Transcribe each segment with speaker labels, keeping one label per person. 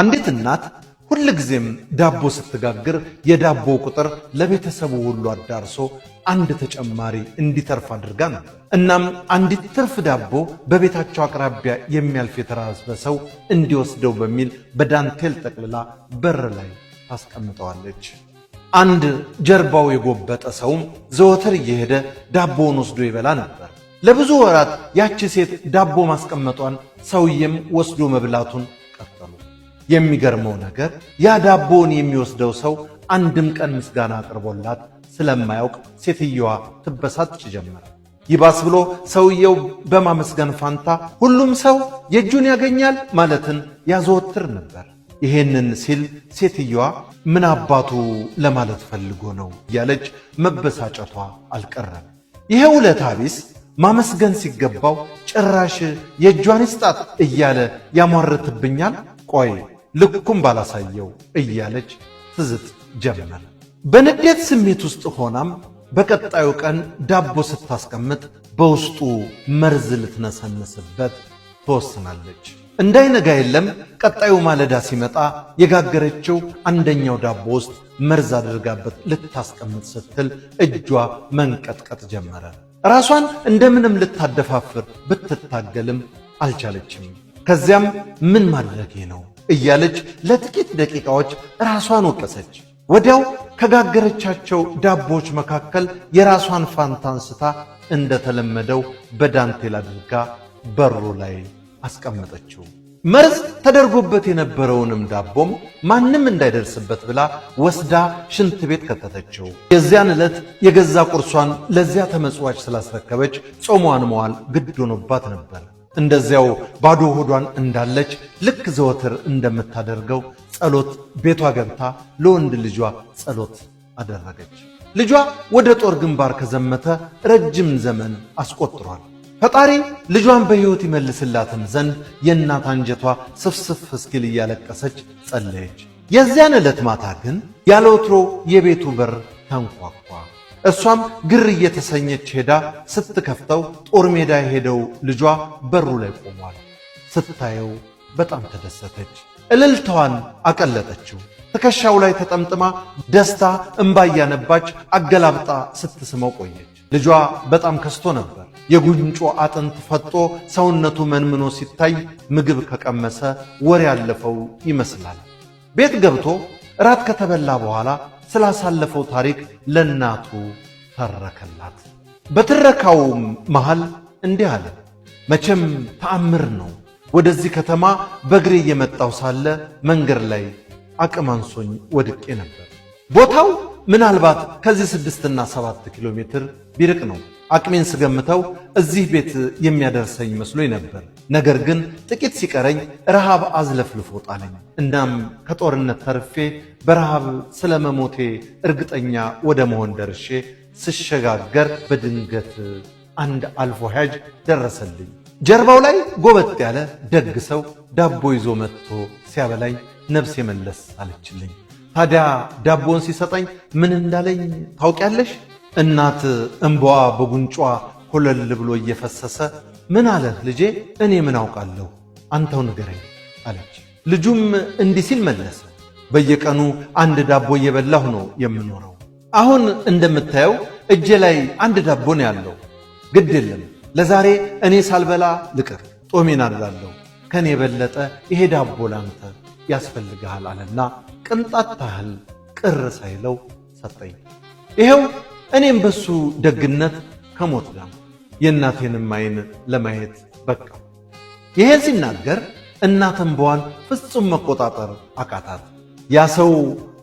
Speaker 1: አንዲት እናት ሁልጊዜም ዳቦ ስትጋግር የዳቦ ቁጥር ለቤተሰቡ ሁሉ አዳርሶ አንድ ተጨማሪ እንዲተርፍ አድርጋ ነው። እናም አንዲት ትርፍ ዳቦ በቤታቸው አቅራቢያ የሚያልፍ የተራበ ሰው እንዲወስደው በሚል በዳንቴል ጠቅልላ በር ላይ ታስቀምጠዋለች። አንድ ጀርባው የጎበጠ ሰውም ዘወትር እየሄደ ዳቦውን ወስዶ ይበላ ነበር። ለብዙ ወራት ያቺ ሴት ዳቦ ማስቀመጧን ሰውዬም ወስዶ መብላቱን ቀጠሉ። የሚገርመው ነገር ያ ዳቦውን የሚወስደው ሰው አንድም ቀን ምስጋና አቅርቦላት ስለማያውቅ ሴትየዋ ትበሳጭ ጀመረ። ይባስ ብሎ ሰውየው በማመስገን ፋንታ ሁሉም ሰው የእጁን ያገኛል ማለትን ያዘወትር ነበር። ይሄንን ሲል ሴትየዋ ምን አባቱ ለማለት ፈልጎ ነው እያለች መበሳጨቷ አልቀረም። ይሄ ውለታ ቢስ ማመስገን ሲገባው ጭራሽ የእጇን ይስጣት እያለ ያሟርትብኛል። ቆይ ልኩም ባላሳየው እያለች ትዝት ጀመር። በንዴት ስሜት ውስጥ ሆናም በቀጣዩ ቀን ዳቦ ስታስቀምጥ በውስጡ መርዝ ልትነሰንስበት ትወስናለች። እንዳይነጋ የለም ቀጣዩ ማለዳ ሲመጣ የጋገረችው አንደኛው ዳቦ ውስጥ መርዝ አድርጋበት ልታስቀምጥ ስትል እጇ መንቀጥቀጥ ጀመረ። ራሷን እንደምንም ልታደፋፍር ብትታገልም አልቻለችም። ከዚያም ምን ማድረጌ ነው እያለች ለጥቂት ደቂቃዎች ራሷን ወቀሰች። ወዲያው ከጋገረቻቸው ዳቦዎች መካከል የራሷን ፋንታ አንስታ እንደተለመደው በዳንቴል አድርጋ በሩ ላይ አስቀመጠችው። መርዝ ተደርጎበት የነበረውንም ዳቦም ማንም እንዳይደርስበት ብላ ወስዳ ሽንት ቤት ከተተችው። የዚያን ዕለት የገዛ ቁርሷን ለዚያ ተመጽዋች ስላስረከበች ጾሟን መዋል ግድ ሆኖባት ነበር። እንደዚያው ባዶ ሆዷን እንዳለች ልክ ዘወትር እንደምታደርገው ጸሎት ቤቷ ገብታ ለወንድ ልጇ ጸሎት አደረገች። ልጇ ወደ ጦር ግንባር ከዘመተ ረጅም ዘመን አስቆጥሯል። ፈጣሪ ልጇን በሕይወት ይመልስላትም ዘንድ የእናት አንጀቷ ስፍስፍ እስኪል እያለቀሰች ጸለየች። የዚያን ዕለት ማታ ግን ያለ ወትሮ የቤቱ በር ተንኳኳ። እሷም ግር እየተሰኘች ሄዳ ስትከፍተው ጦር ሜዳ የሄደው ልጇ በሩ ላይ ቆሟል። ስታየው በጣም ተደሰተች። እልልታዋን አቀለጠችው። ትከሻው ላይ ተጠምጥማ ደስታ እምባ እያነባች አገላብጣ ስትስመው ቆየች። ልጇ በጣም ከስቶ ነበር። የጉንጮ አጥንት ፈጦ ሰውነቱ መንምኖ ሲታይ ምግብ ከቀመሰ ወር ያለፈው ይመስላል። ቤት ገብቶ እራት ከተበላ በኋላ ስላሳለፈው ታሪክ ለእናቱ ተረከላት። በትረካው መሃል እንዲህ አለ፣ መቼም ተአምር ነው። ወደዚህ ከተማ በእግሬ እየመጣው ሳለ መንገድ ላይ አቅም አንሶኝ ወድቄ ነበር። ቦታው ምናልባት ከዚህ ስድስትና ሰባት ኪሎ ሜትር ቢርቅ ነው። አቅሜን ስገምተው እዚህ ቤት የሚያደርሰኝ መስሎኝ ነበር። ነገር ግን ጥቂት ሲቀረኝ ረሃብ አዝለፍልፎ ጣለኝ። እናም ከጦርነት ተርፌ በረሃብ ስለመሞቴ እርግጠኛ ወደ መሆን ደርሼ ስሸጋገር በድንገት አንድ አልፎ ሀያጅ ደረሰልኝ። ጀርባው ላይ ጎበጥ ያለ ደግ ሰው ዳቦ ይዞ መጥቶ ሲያበላኝ ነፍሴ መለስ አለችልኝ። ታዲያ ዳቦን ሲሰጠኝ ምን እንዳለኝ ታውቂያለሽ? እናት እምባዋ በጉንጯ ኮለል ብሎ እየፈሰሰ ምን አለህ ልጄ? እኔ ምን አውቃለሁ አንተው ንገረኝ አለች። ልጁም እንዲህ ሲል መለሰ፣ በየቀኑ አንድ ዳቦ እየበላሁ ነው የምኖረው። አሁን እንደምታየው እጄ ላይ አንድ ዳቦ ነው ያለው። ግድ የለም ለዛሬ እኔ ሳልበላ ልቅር፣ ጦሜን አድራለሁ። ከኔ የበለጠ ይሄ ዳቦ ላንተ ያስፈልግሃል አለና ቅንጣት ታህል ቅር ሳይለው ሰጠኝ። ይኸው እኔም በሱ ደግነት ከሞት ጋር የእናቴንም አይን ለማየት በቃ። ይሄን ሲናገር እናተን በዋን ፍጹም መቆጣጠር አቃታት። ያ ሰው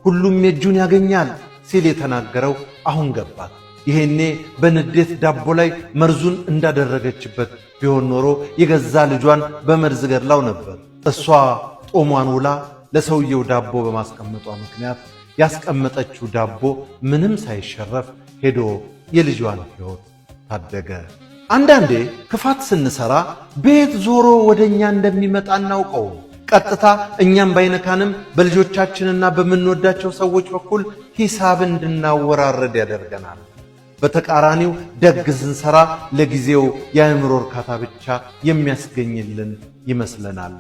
Speaker 1: ሁሉም የእጁን ያገኛል ሲል የተናገረው አሁን ገባት። ይሄኔ በንዴት ዳቦ ላይ መርዙን እንዳደረገችበት ቢሆን ኖሮ የገዛ ልጇን በመርዝ ገድላው ነበር። እሷ ጦሟን ውላ ለሰውየው ዳቦ በማስቀመጧ ምክንያት ያስቀመጠችው ዳቦ ምንም ሳይሸረፍ ሄዶ የልጇን ሕይወት ታደገ። አንዳንዴ ክፋት ስንሠራ ቤት ዞሮ ወደ እኛ እንደሚመጣ እናውቀው። ቀጥታ እኛም ባይነካንም በልጆቻችንና በምንወዳቸው ሰዎች በኩል ሂሳብ እንድናወራረድ ያደርገናል። በተቃራኒው ደግ ስንሠራ ለጊዜው የአእምሮ እርካታ ብቻ የሚያስገኝልን ይመስለናል።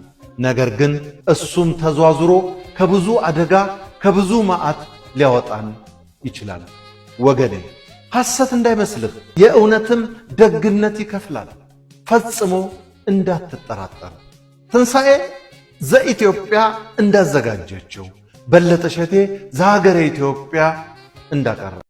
Speaker 1: ነገር ግን እሱም ተዟዙሮ ከብዙ አደጋ ከብዙ መዓት ሊያወጣን ይችላል። ወገኔ ሐሰት እንዳይመስልህ የእውነትም ደግነት ይከፍላል። ፈጽሞ እንዳትጠራጠር። ትንሣኤ ዘኢትዮጵያ እንዳዘጋጀችው በለጠ ሸቴ ዘሀገረ ኢትዮጵያ እንዳቀረ